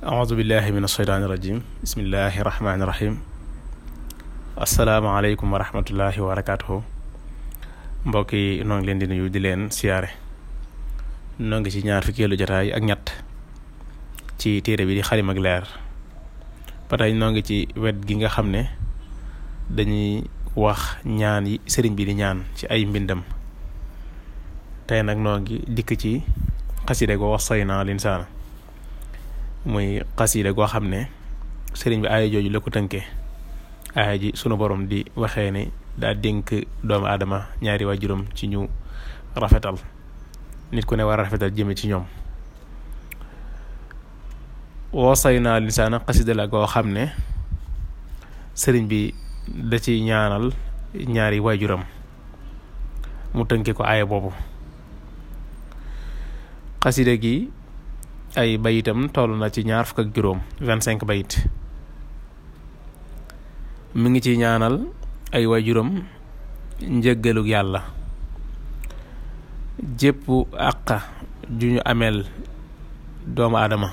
ahousubillahi min asheytaani irajim bismillahi rahmaani rahim yi noo leen di nuyu di leen siyaare noo ngi ci ñaar fukkeelu jotaay ak ñett ci téere bi di xalimag leer ba tey noo ngi ci wet gi nga xam ne dañuy wax ñaan yi sëriñ bi di ñaan ci ay mbindam tey nag noo dikk ci xaside ko wax soy naa linsaana mooy xasida goo xam ne sëriñ bi aaya jooju la ko tënkee aaya ji sunu boroom di waxee ne daa dénk doomu aadama ñaari waajuram ci ñu rafetal nit ku ne war a rafetal jëme ci ñoom woosay naa lisaana xasida la goo xam ne sëriñ bi da ci ñaanal ñaari waajuram mu tënke ko aaya boobu xasida gi ay bayitam toll na ci ñaar fukk ak juróom vingt cinq bayit mu ngi ci ñaanal ay waajuram njëggalug yàlla jépp àq ju ñu ameel doomu aadama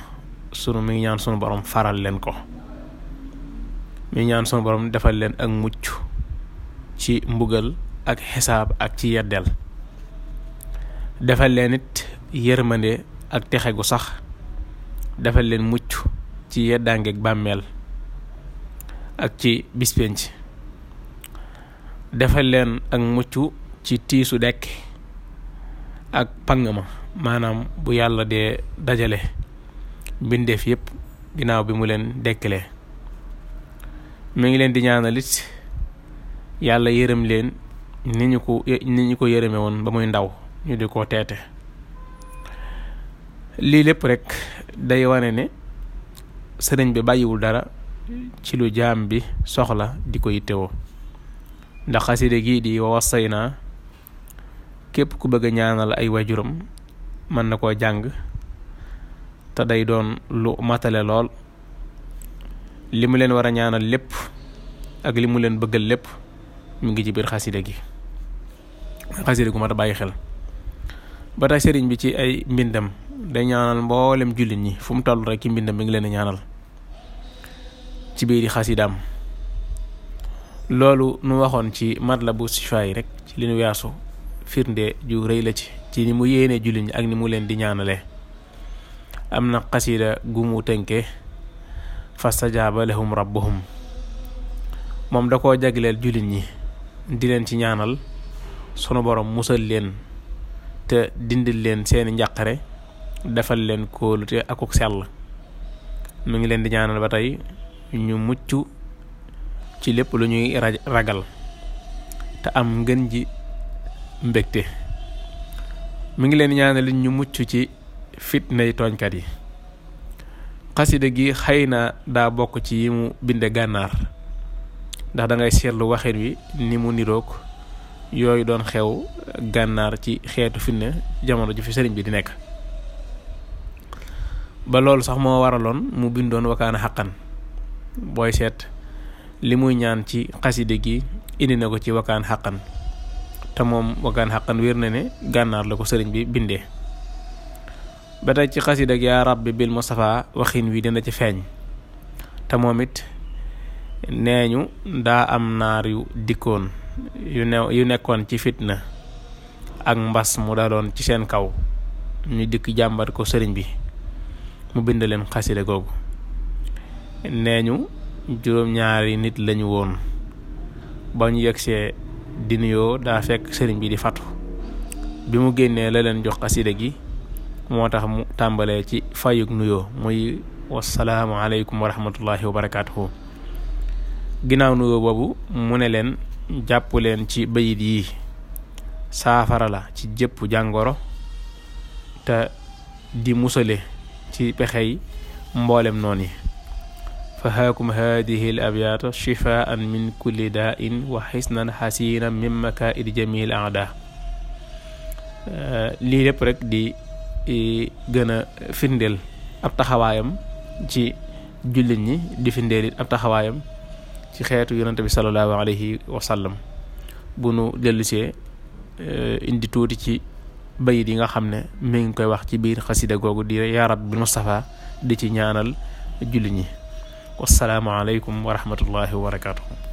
sunu mi ngi ñaan sunu borom faral leen ko mu ngi ñaan sunu borom defal leen ak mucc ci mbugal ak xisaab ak ci yeddeel defal leen it yërmande ak texe gu sax defal leen mucc ci yeddaange ak bàmmeel ak ci bispenc defal leen ak mucc ci tiisu dekk ak pang ma maanaam bu yàlla dee dajale mbindeef yépp ginnaaw bi mu leen dekkalee mu ngi leen di ñaanalit yàlla yërëm leen ni ko ni ñu ko yërëme woon ba muy ndaw ñu di ko teete lii lépp rek day wane ne sëriñ bi bàyyiwul dara ci lu jaam bi soxla di ko yittewoo ndax xaside gii di wasay naa képp ku bëgg ñaanal ay wajuram mën na koo jàng te day doon lu matale lool li mu leen war a ñaanal lépp ak li mu leen bëggal lépp mu ngi ci biir xaside gi xaside gu mat bàyyi xel ba tax sëriñ bi ci ay mbindam day ñaanal mboolem jullit ñi fu mu toll rek ci mbind mi ngi leen ñaanal ci biir xasidaam loolu nu waxoon ci mat matlabu sifaay rek ci li nu firnde ju rëy la ci ci ni mu yéene jullit ñi ak ni mu leen di ñaanale am na xasida gu mu tënke fastajaaba lahum rabbuhum moom da koo jagleel jullit ñi di leen ci ñaanal sunu boroom musal leen te dindil leen seeni njàqare defal leen kóolute akuk sell mu ngi leen di ñaanal ba tey ñu mucc ci lépp lu ñuy ragal te am ngën ji mbégte mi ngi leen di ñaanal ñu mucc ci fitnay tooñkat yi xasida gi xëy na daa bokk ci yi mu binde gànnaar ndax dangay seetlu waxin wi ni mu niroog yooyu doon xew gànnaar ci xeetu fitna jamono ji fi sëriñ bi di nekk ba loolu sax moo waraloon mu bindoon wakaana xaqan booy seet li muy ñaan ci xaside gi indi na ko ci wakaan xaqan te moom wakaan xaqan wér na ne gànnaar la ko sëriñ bi bindee ba tey ci xaside ak yaa rabbi bil Mustafa waxin wi dina ci feeñ te moom it nee ñu daa am naar yu dikkoon yu nekkoon ci fitna ak mbas mu daloon ci seen kaw ñu dikk jàmbat ko sëriñ bi mu bind leen xasire googu nee ñu juróom-ñaari nit lañu woon ba ñu yegsee di nuyoo daa fekk sëriñ bi di fatu bi mu génnee la leen jox xasida gi moo tax mu tàmbalee ci fayug nuyoo muy wasalaamu aleykum wa rahmatullahi wa barakaatuhu ginnaaw nuyoo boobu mu ne leen jàpp leen ci bayit yi saafara la ci jëpp jàngoro te di musale ci pexey mboolem noon yi fa haakum haadihi l abyaata shifaan min kulli daa in wa xisnan xasiinan min makaa'idi jamiil aada euh, lii lépp rek di gën a firndeel ab taxawaayam ci jullit ñi di firndeel it ab taxawaayam ci xeetu yonante bi salallaahu alayhi wa bu nu dellusee euh, indi tuuti ci bayit yi nga xam ne mi ngi koy wax ci biir xasida googu di yaa rabbi Mustafa di ci ñaanal julli ñi wasalaamu aleykum wa rahmatullahi wa barakatuhu